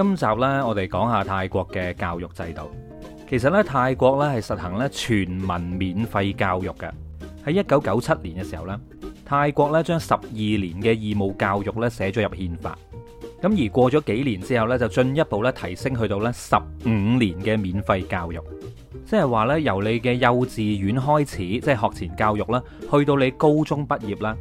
今集咧，我哋講下泰國嘅教育制度。其實咧，泰國咧係實行咧全民免費教育嘅。喺一九九七年嘅時候咧，泰國咧將十二年嘅義務教育咧寫咗入憲法。咁而過咗幾年之後咧，就進一步咧提升去到咧十五年嘅免費教育。即係話咧，由你嘅幼稚園開始，即係學前教育啦，去到你高中畢業啦，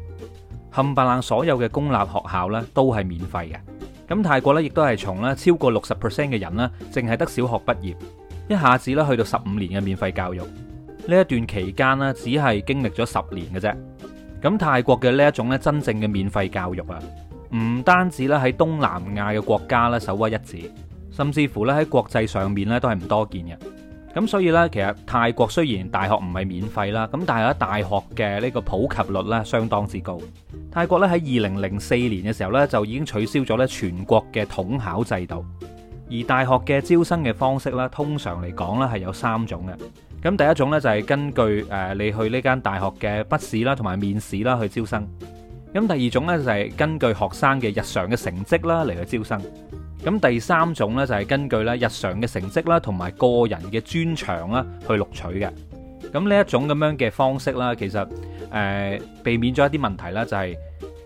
冚唪唥所有嘅公立學校咧都係免費嘅。咁泰國咧，亦都係從咧超過六十 percent 嘅人咧，淨係得小學畢業，一下子咧去到十五年嘅免費教育。呢一段期間呢，只係經歷咗十年嘅啫。咁泰國嘅呢一種咧，真正嘅免費教育啊，唔單止咧喺東南亞嘅國家咧首屈一指，甚至乎咧喺國際上面咧都係唔多見嘅。咁所以呢，其實泰國雖然大學唔係免費啦，咁但係咧大學嘅呢個普及率呢，相當之高。泰國咧喺二零零四年嘅時候呢，就已經取消咗呢全國嘅統考制度，而大學嘅招生嘅方式呢，通常嚟講呢係有三種嘅。咁第一種呢，就係根據誒你去呢間大學嘅筆試啦同埋面試啦去招生。咁第二種呢，就係根據學生嘅日常嘅成績啦嚟去招生。咁第三種呢，就係根據呢日常嘅成績啦，同埋個人嘅專長啦去錄取嘅。咁呢一種咁樣嘅方式啦，其實誒、呃、避免咗一啲問題啦、就是，就係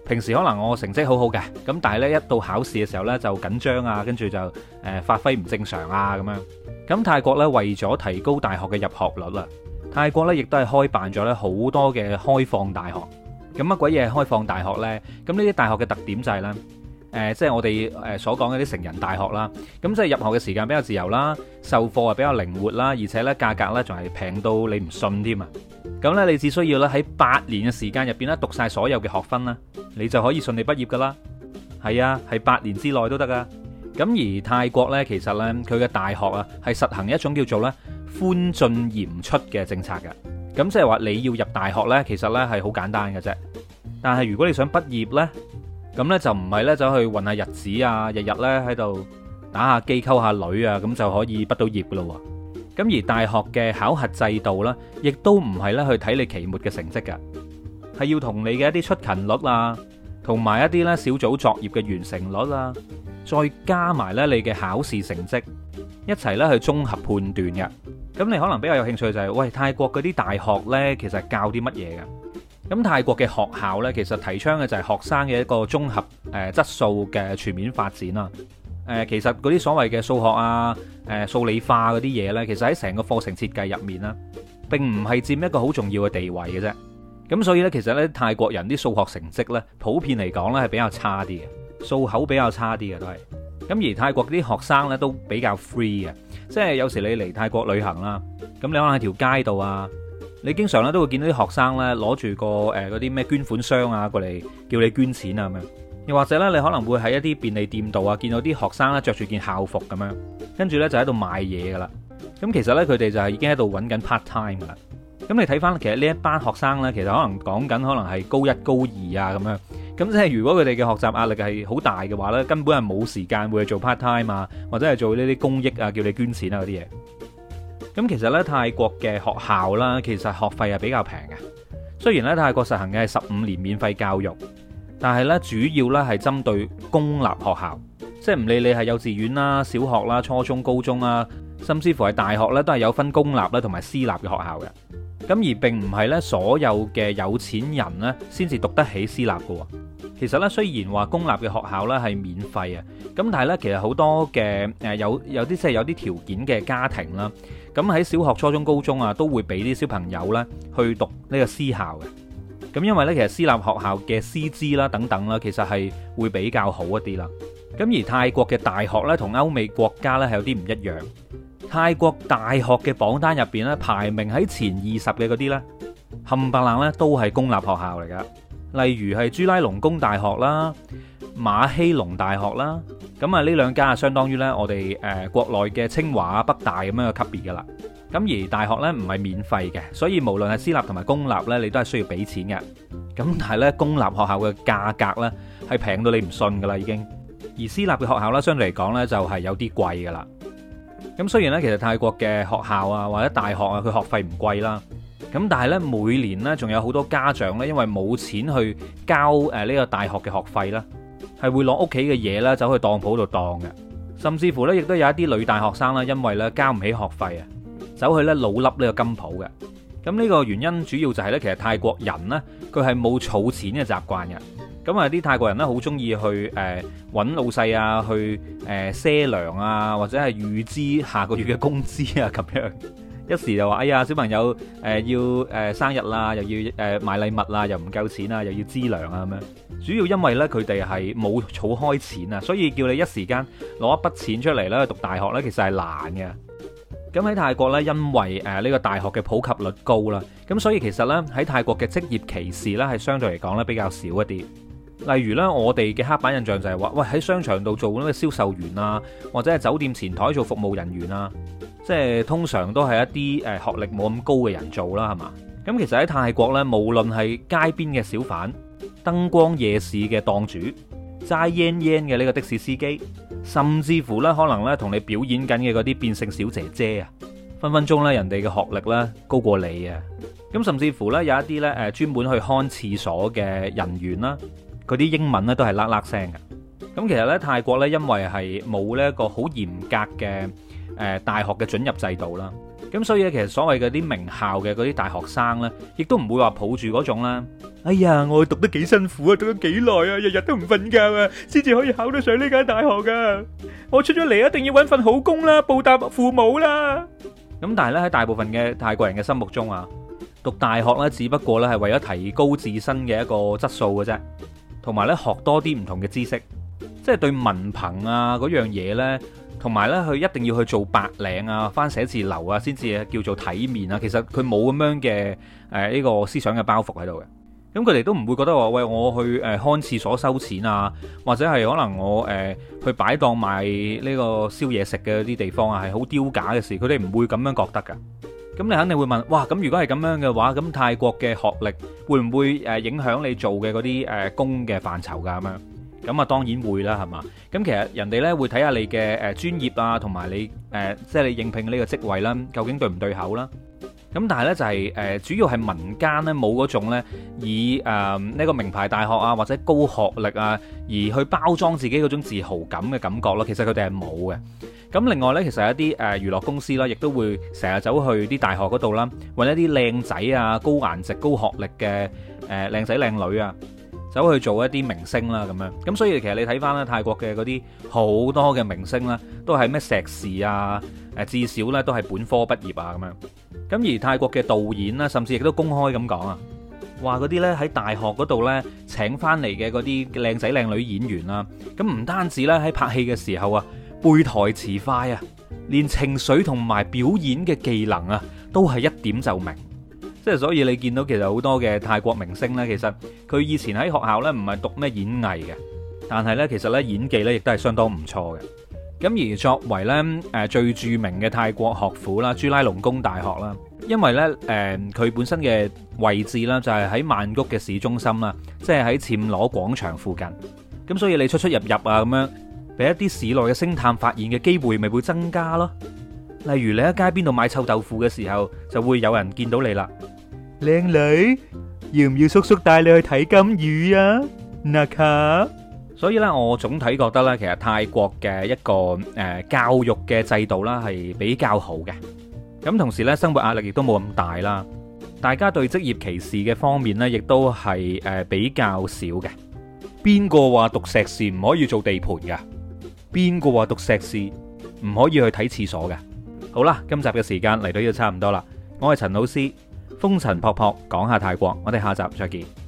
平時可能我成績好好嘅，咁但係呢，一到考試嘅時候呢，就緊張啊，跟住就誒發揮唔正常啊咁樣。咁泰國呢，為咗提高大學嘅入學率啦，泰國呢亦都係開辦咗呢好多嘅開放大學。咁乜鬼嘢開放大學呢？咁呢啲大學嘅特點就係、是、呢。誒、呃、即係我哋誒所講嘅啲成人大學啦，咁即係入學嘅時間比較自由啦，授課啊比較靈活啦，而且呢價格呢仲係平到你唔信添啊！咁呢，你只需要咧喺八年嘅時間入邊呢讀晒所有嘅學分啦，你就可以順利畢業噶啦。係啊，係八年之內都得噶。咁而泰國呢，其實呢，佢嘅大學啊係實行一種叫做呢寬進嚴出嘅政策嘅。咁即係話你要入大學呢，其實呢係好簡單嘅啫。但係如果你想畢業呢。咁咧就唔係咧走去混下日子啊，日日咧喺度打下機溝下女啊，咁就可以畢到業噶咯喎。咁而大學嘅考核制度咧，亦都唔係咧去睇你期末嘅成績㗎，係要同你嘅一啲出勤率啊，同埋一啲咧小組作業嘅完成率啊，再加埋咧你嘅考試成績一齊咧去綜合判斷嘅。咁你可能比較有興趣就係，喂，泰國嗰啲大學咧，其實教啲乜嘢㗎？咁泰國嘅學校呢，其實提倡嘅就係學生嘅一個綜合誒質、呃、素嘅全面發展啦。誒、呃，其實嗰啲所謂嘅數學啊、誒、呃、數理化嗰啲嘢呢，其實喺成個課程設計入面呢，並唔係佔一個好重要嘅地位嘅啫。咁所以呢，其實呢，泰國人啲數學成績呢，普遍嚟講呢，係比較差啲嘅，數口比較差啲嘅都係。咁而泰國啲學生呢，都比較 free 嘅，即係有時你嚟泰國旅行啦，咁你可能喺條街度啊。你經常咧，都會見到啲學生咧，攞住個誒嗰啲咩捐款箱啊，過嚟叫你捐錢啊咁樣，又或者咧，你可能會喺一啲便利店度啊，見到啲學生咧，著住件校服咁樣，跟住咧，就喺度賣嘢噶啦。咁其實咧，佢哋就係已經喺度揾緊 part time 噶啦。咁你睇翻其實呢一班學生咧，其實可能講緊可能係高一高二啊咁樣。咁即係如果佢哋嘅學習壓力係好大嘅話咧，根本係冇時間會去做 part time 啊，或者係做呢啲公益啊，叫你捐錢啊嗰啲嘢。咁其實咧，泰國嘅學校啦，其實學費係比較平嘅。雖然咧，泰國實行嘅係十五年免費教育，但係咧，主要咧係針對公立學校，即係唔理你係幼稚園啦、小學啦、初中、高中啊，甚至乎係大學咧，都係有分公立啦同埋私立嘅學校嘅。咁而並唔係咧，所有嘅有錢人咧，先至讀得起私立嘅喎。其實咧，雖然話公立嘅學校咧係免費啊，咁但係咧，其實好多嘅誒有有啲即係有啲條件嘅家庭啦，咁喺小學、初中、高中啊，都會俾啲小朋友咧去讀呢個私校嘅。咁因為咧，其實私立學校嘅師資啦等等啦，其實係會比較好一啲啦。咁而泰國嘅大學咧，同歐美國家咧係有啲唔一樣。泰國大學嘅榜單入邊咧，排名喺前二十嘅嗰啲咧，冚白冷咧都係公立學校嚟㗎。例如係朱拉隆功大學啦、馬希隆大學啦，咁啊呢兩家相當於咧我哋誒國內嘅清華北大咁樣嘅級別噶啦。咁而大學呢，唔係免費嘅，所以無論係私立同埋公立呢，你都係需要俾錢嘅。咁但係呢，公立學校嘅價格呢，係平到你唔信噶啦已經，而私立嘅學校呢，相對嚟講呢，就係有啲貴噶啦。咁雖然呢，其實泰國嘅學校啊或者大學啊佢學費唔貴啦。咁但係呢，每年呢，仲有好多家長呢，因為冇錢去交誒呢、呃這個大學嘅學費啦，係會攞屋企嘅嘢啦走去當鋪度當嘅，甚至乎呢，亦都有一啲女大學生啦，因為呢，交唔起學費啊，走去呢，老笠呢個金鋪嘅。咁呢個原因主要就係呢，其實泰國人呢，佢係冇儲錢嘅習慣嘅。咁啊啲泰國人呢，好中意去誒揾、呃、老細啊，去誒賒、呃、糧啊，或者係預支下個月嘅工資啊咁樣。一時就話哎呀，小朋友誒要誒生日啦，又要誒買禮物啊，又唔夠錢啊，又要支糧啊咁樣。主要因為呢，佢哋係冇儲開錢啊，所以叫你一時間攞一筆錢出嚟呢。讀大學呢，其實係難嘅。咁喺泰國呢，因為誒呢、呃呢個大學嘅普及率高啦，咁所以其實呢，喺泰國嘅職業歧視呢，係相對嚟講呢，比較少一啲。例如呢，我哋嘅黑板印象就係、係、話，喂喺商場度做嗰啲銷售員啊，或者係酒店前台做服務人員啊。即係通常都係一啲誒、呃、學歷冇咁高嘅人做啦，係嘛？咁其實喺泰國呢，無論係街邊嘅小販、燈光夜市嘅檔主、揸 yen 嘅呢個的士司機，甚至乎呢，可能呢，同你表演緊嘅嗰啲變性小姐姐啊，分分鐘呢，人哋嘅學歷呢，高過你啊！咁甚至乎呢，有一啲呢，誒、呃、專門去看廁所嘅人員啦，嗰啲英文呢，都係拉拉聲嘅。咁其實呢，泰國呢，因為係冇呢一個好嚴格嘅。誒大學嘅准入制度啦，咁所以咧，其實所謂嘅啲名校嘅嗰啲大學生咧，亦都唔會話抱住嗰種啦，哎呀，我讀得幾辛苦啊，讀咗幾耐啊，日日都唔瞓覺啊，先至可以考得上呢間大學噶。我出咗嚟一定要揾份好工啦，報答父母啦。咁但係咧，喺大部分嘅泰國人嘅心目中啊，讀大學咧，只不過咧係為咗提高自身嘅一個質素嘅啫，同埋咧學多啲唔同嘅知識，即係對文憑啊嗰樣嘢咧。同埋呢，佢一定要去做白領啊、返寫字樓啊，先至叫做體面啊。其實佢冇咁樣嘅誒呢個思想嘅包袱喺度嘅。咁佢哋都唔會覺得話喂，我去誒看廁所收錢啊，或者係可能我誒、呃、去擺檔賣呢個宵夜食嘅啲地方啊，係好丟架嘅事。佢哋唔會咁樣覺得㗎。咁、嗯、你肯定會問：哇，咁如果係咁樣嘅話，咁泰國嘅學歷會唔會誒影響你做嘅嗰啲誒工嘅範疇㗎？咁、嗯、樣？咁啊，當然會啦，係嘛？咁其實人哋呢會睇下你嘅誒專業啊，同埋你誒即係你應聘呢個職位啦，究竟對唔對口啦？咁但係呢就係誒主要係民間呢冇嗰種呢以誒呢個名牌大學啊或者高學歷啊而去包裝自己嗰種自豪感嘅感覺咯。其實佢哋係冇嘅。咁另外呢，其實一啲誒娛樂公司啦，亦都會成日走去啲大學嗰度啦，揾一啲靚仔啊、高顏值、高學歷嘅誒靚仔靚女啊。走去做一啲明星啦，咁樣咁，所以其實你睇翻咧泰國嘅嗰啲好多嘅明星啦，都係咩碩士啊，誒至少咧都係本科畢業啊咁樣。咁而泰國嘅導演啦，甚至亦都公開咁講啊，話嗰啲咧喺大學嗰度咧請翻嚟嘅嗰啲靚仔靚女演員啦，咁唔單止咧喺拍戲嘅時候啊，背台詞快啊，連情緒同埋表演嘅技能啊，都係一點就明。即係所以你見到其實好多嘅泰國明星呢，其實佢以前喺學校呢唔係讀咩演藝嘅，但係呢其實呢演技呢亦都係相當唔錯嘅。咁而作為呢誒最著名嘅泰國學府啦，朱拉隆功大學啦，因為呢誒佢本身嘅位置呢就係喺曼谷嘅市中心啦，即係喺暹羅廣場附近。咁所以你出出入入啊咁樣，俾一啲市內嘅星探發現嘅機會，咪會增加咯。例如你喺街邊度買臭豆腐嘅時候，就會有人見到你啦。靚女，要唔要叔叔帶你去睇金魚啊？嗱，哈。所以咧，我總體覺得咧，其實泰國嘅一個誒教育嘅制度啦，係比較好嘅。咁同時咧，生活壓力亦都冇咁大啦。大家對職業歧視嘅方面咧，亦都係誒比較少嘅。邊個話讀碩士唔可以做地盤噶？邊個話讀碩士唔可以去睇廁所噶？好啦，今集嘅時間嚟到呢度差唔多啦。我係陳老師。風塵僕僕，講下泰國，我哋下集再見。